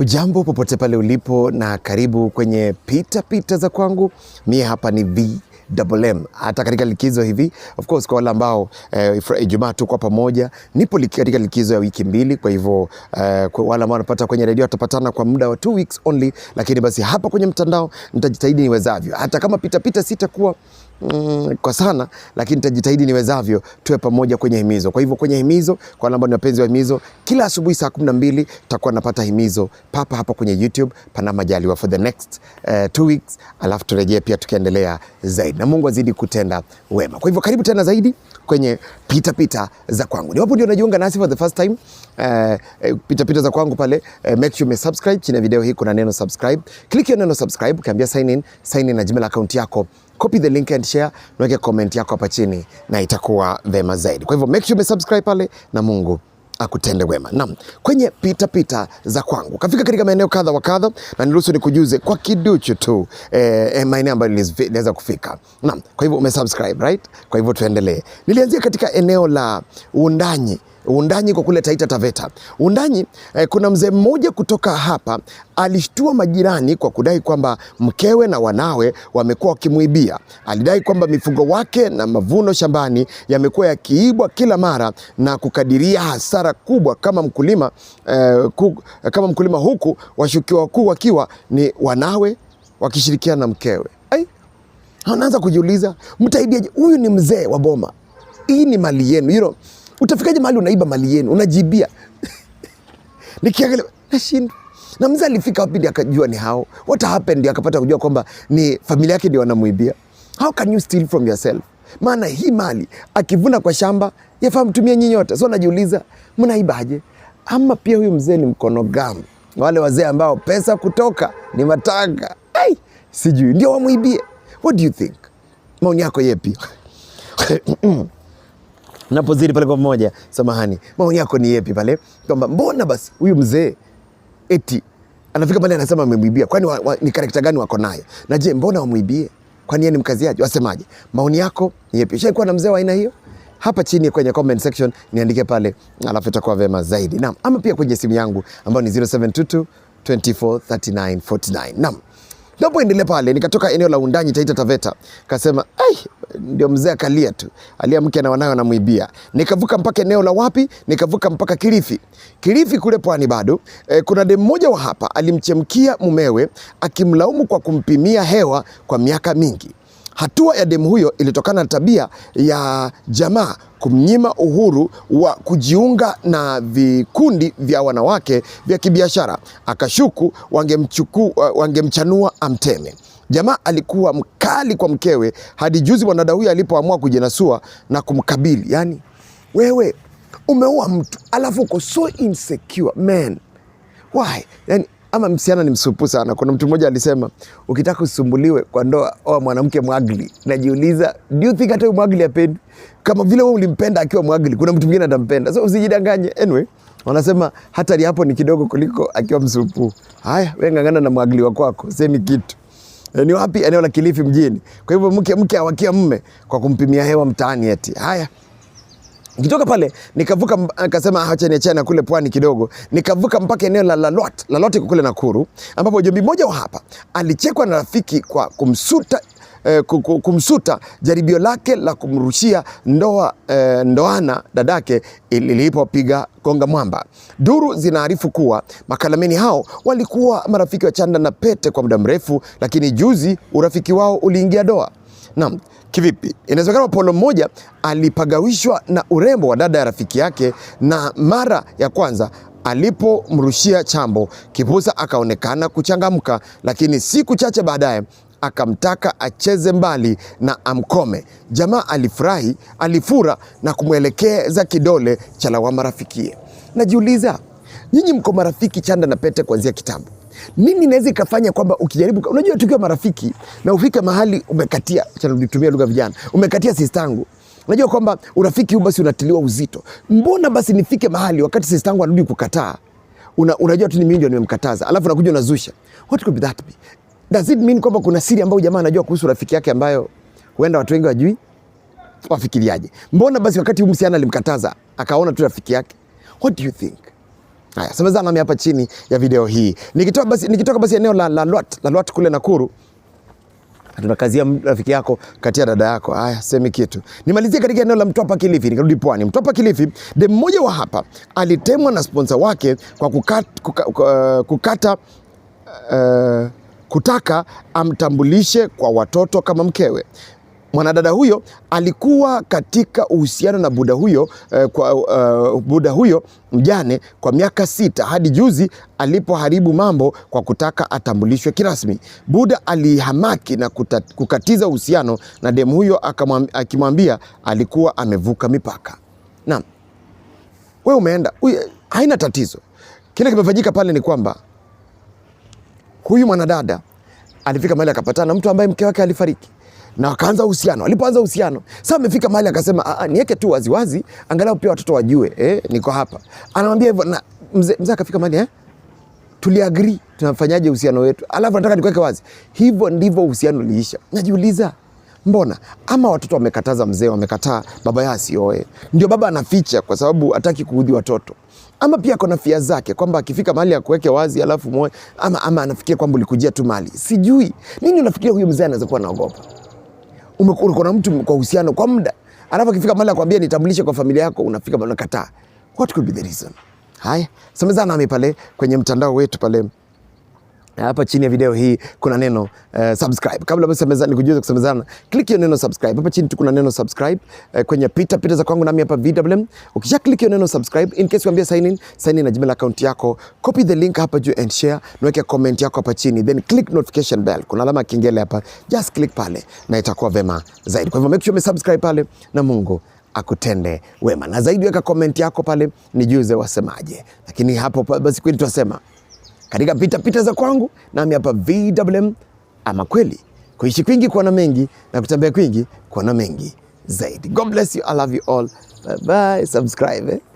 Hujambo popote pale ulipo na karibu kwenye pita pita za kwangu. Mie hapa ni VMM. Hata katika likizo hivi, of course, kwa wale ambao eh, Ijumaa tu kwa pamoja, nipo katika likizo ya wiki mbili. Kwa hivyo eh, wale ambao wanapata kwenye redio watapatana kwa muda wa two weeks only, lakini basi hapa kwenye mtandao nitajitahidi niwezavyo, hata kama pita pita sitakuwa mm, kwa sana, lakini nitajitahidi niwezavyo tuwe pamoja kwenye himizo. Kwa hivyo kwenye himizo, kwa namba ni wapenzi wa himizo, kila asubuhi saa kumi na mbili tutakuwa napata himizo papa hapa kwenye YouTube pana majaliwa for the next uh, two weeks, alafu turejee pia tukiendelea zaidi, na Mungu azidi kutenda wema. Kwa hivyo karibu tena zaidi kwenye pitapita pita za kwangu. Niwapo ndio unajiunga nasi for the first time, uh, pita pita za kwangu pale, uh, make sure umesubscribe. Chini ya video hii kuna neno subscribe, click hiyo neno subscribe, ukiambia sign in, sign in na Gmail account yako copy the link and share, naweke comment yako hapa chini na itakuwa vema zaidi. Kwa hivyo make sure umesubscribe pale, na Mungu akutende wema. Naam, kwenye pitapita pita za kwangu kafika katika maeneo kadha wa kadha, na niruhusu nikujuze kwa kiduchu tu eh, eh, maeneo ambayo niliweza kufika. Naam, kwa hivyo umesubscribe right? Kwa hivyo tuendelee. Nilianzia katika eneo la uundanyi Undanyi kwa kule Taita Taveta. Undanyi eh, kuna mzee mmoja kutoka hapa alishtua majirani kwa kudai kwamba mkewe na wanawe wamekuwa wakimwibia. Alidai kwamba mifugo wake na mavuno shambani yamekuwa yakiibwa kila mara na kukadiria hasara kubwa kama mkulima, eh, ku, kama mkulima huku washukiwa wakuu wakiwa ni wanawe wakishirikiana na mkewe. Ai, anaanza kujiuliza mtaibiaje? Huyu ni mzee wa boma, hii ni mali yenu you know? Utafikaje mahali unaiba mali yenu, unajibia? Nikiangalia nashindwa na mzee alifika wapi ndio akajua ni hao? What happened ndio akapata kujua kwamba ni familia yake ndio wanamwibia. How can you steal from yourself? Maana hii mali akivuna kwa shamba yafaa mtumie nyinyi So najiuliza mnaibaje? Ama pia huyu mzee ni mkono gamu, wale wazee ambao pesa kutoka ni matanga. Hey, sijui ndio wamwibie. What do you think? Maoni yako yepi? napozidi pale kwa mmoja, samahani, maoni yako ni yepi pale kwamba mbona basi huyu mzee eti anafika pale anasema amemwibia? Kwani ni karakta gani wako naye? Na je, mbona wamwibie? Kwani yeye ni mkaziaji? Wasemaje? maoni yako ni yepi? Ushaikuwa na mzee wa aina hiyo? Hapa chini kwenye comment section niandike pale, alafu itakuwa vema zaidi. Naam, ama pia kwenye simu yangu ambayo ni 0722 243949 naam. Napoendelea pale, nikatoka eneo la Undanyi, Taita Taveta, kasema ai, ndio mzee akalia tu, alia na wanawe anamwibia. Nikavuka mpaka eneo la wapi, nikavuka mpaka Kilifi. Kilifi kule pwani bado e, kuna de mmoja wa hapa alimchemkia mumewe akimlaumu kwa kumpimia hewa kwa miaka mingi. Hatua ya demu huyo ilitokana na tabia ya jamaa kumnyima uhuru wa kujiunga na vikundi vya wanawake vya kibiashara. Akashuku wangemchuku, uh, wangemchanua amteme. Jamaa alikuwa mkali kwa mkewe hadi juzi mwanadada huyo alipoamua kujinasua na kumkabili. Yani wewe umeua mtu alafu uko so insecure man, why? Yani ama msichana ni msupu sana. Kuna mtu mmoja alisema ukitaka usumbuliwe kwa ndoa oa mwanamke mwagli. Najiuliza, do you think hata mwagli apendi? Kama vile wewe ulimpenda akiwa mwagli, kuna mtu mwingine atampenda, so usijidanganye. Anyway, wanasema hatari hapo ni kidogo kuliko akiwa msupu. Haya, wewe ng'ang'ana na mwagli wako wako, semi kitu E, ni wapi? Eneo la Kilifi mjini. Kwa hivyo mke mke awakia mme kwa kumpimia hewa mtaani eti haya Nikitoka pale nikavuka, nikasema ah, acha niachane na kule pwani kidogo, nikavuka mpaka eneo la Lalot. Lalot iko kule Nakuru, ambapo jombi mmoja wa hapa alichekwa na rafiki kwa kumsuta Eh, kumsuta jaribio lake la kumrushia ndoa eh, ndoana dadake lilipopiga gonga mwamba. Duru zinaarifu kuwa makalameni hao walikuwa marafiki wa chanda na pete kwa muda mrefu, lakini juzi urafiki wao uliingia doa. Naam, kivipi? Inawezekana Apollo mmoja alipagawishwa na urembo wa dada ya rafiki yake, na mara ya kwanza alipomrushia chambo, Kipusa akaonekana kuchangamka, lakini siku chache baadaye akamtaka acheze mbali na amkome. Jamaa alifurahi, alifura na kumwelekeza kidole cha lawama rafikie. Najiuliza, nyinyi mko marafiki chanda na pete kuanzia kitambo. Nini naweza ikafanya kwamba ukijaribu, unajua tukiwa marafiki na ufike mahali umekatia, nitumia lugha vijana, umekatia sistangu Unajua kwamba urafiki huu basi unatiliwa uzito. Mbona basi nifike mahali wakati sista yangu anarudi kukataa, una, unajua tu ni mimi ndio nimemkataza, alafu nakuja unazusha. What could that be? Does it mean kwamba kuna siri ambayo jamaa anajua kuhusu rafiki yake ambayo huenda watu wengi wajui? Wafikiriaje? Mbona basi wakati huu msichana alimkataza akaona tu rafiki yake? What do you think? Haya, semezana nami hapa chini ya video hii. Nikitoka basi, nikitoka basi eneo la, la Lwat, la Lwat kule Nakuru tunakazia rafiki yako kati ya dada yako. Haya, semi kitu nimalizie katika eneo la Mtwapa Kilifi, nikarudi pwani. Mtwapa Kilifi, de mmoja wa hapa alitemwa na sponsor wake kwa kukat, kuka, uh, kukata uh, kutaka amtambulishe kwa watoto kama mkewe mwanadada huyo alikuwa katika uhusiano na buda huyo, eh, kwa, uh, eh, buda huyo mjane kwa miaka sita hadi juzi alipoharibu mambo kwa kutaka atambulishwe kirasmi. Buda alihamaki na kuta, kukatiza uhusiano na demu huyo akimwambia alikuwa amevuka mipaka. Na we umeenda, uye, haina tatizo. Kile kimefanyika pale ni kwamba huyu mwanadada alifika mahali akapatana na mtu ambaye mke wake alifariki na wakaanza uhusiano. Alipoanza uhusiano, sasa amefika mahali akasema, a, ah, ah, niweke tu waziwazi wazi, angalau pia watoto wajue eh, niko hapa. Anamwambia hivyo na mzee mzee akafika mahali eh, tuliagree tunafanyaje uhusiano wetu, alafu nataka nikuweke wazi. Hivyo ndivyo uhusiano uliisha. Najiuliza mbona ama watoto wamekataza, mzee wamekataa baba yao asioe, ndio baba anaficha kwa sababu hataki kuudhi watoto, ama pia ako fia zake kwamba akifika mahali ya kuweke wazi alafu moe, ama, ama anafikiria kwamba ulikujia tu mali. Sijui nini unafikiria huyu mzee anaweza kuwa naogopa umekuwa na mtu kwa uhusiano kwa muda, alafu akifika mahali akwambia nitambulishe kwa familia yako, unafika unakataa. What could be the reason? Haya, semezana nami pale kwenye mtandao wetu pale hapa chini ya video hii kuna neno uh, subscribe. Kabla basi msemezana nikujuze kusemezana, click hiyo neno subscribe. Hapa chini tu kuna neno subscribe uh, kwenye pita pita za kwangu nami hapa VMM. Ukisha click hiyo neno subscribe, in case uambia sign in, sign in na Gmail account yako, copy the link hapa juu and share, niweke comment yako hapa chini, then click notification bell. Kuna alama kengele hapa, just click pale na itakuwa vema zaidi. Kwa hivyo make sure umesubscribe pale na Mungu akutende wema. Na zaidi weka comment yako pale nijuze wasemaje. Lakini hapo basi kweli tunasema katika pitapita za kwangu, nami hapa VMM. Ama kweli kuishi kwingi kuona mengi na kutembea kwingi kuona mengi zaidi. God bless you, I love you all, bye bye. Subscribe eh?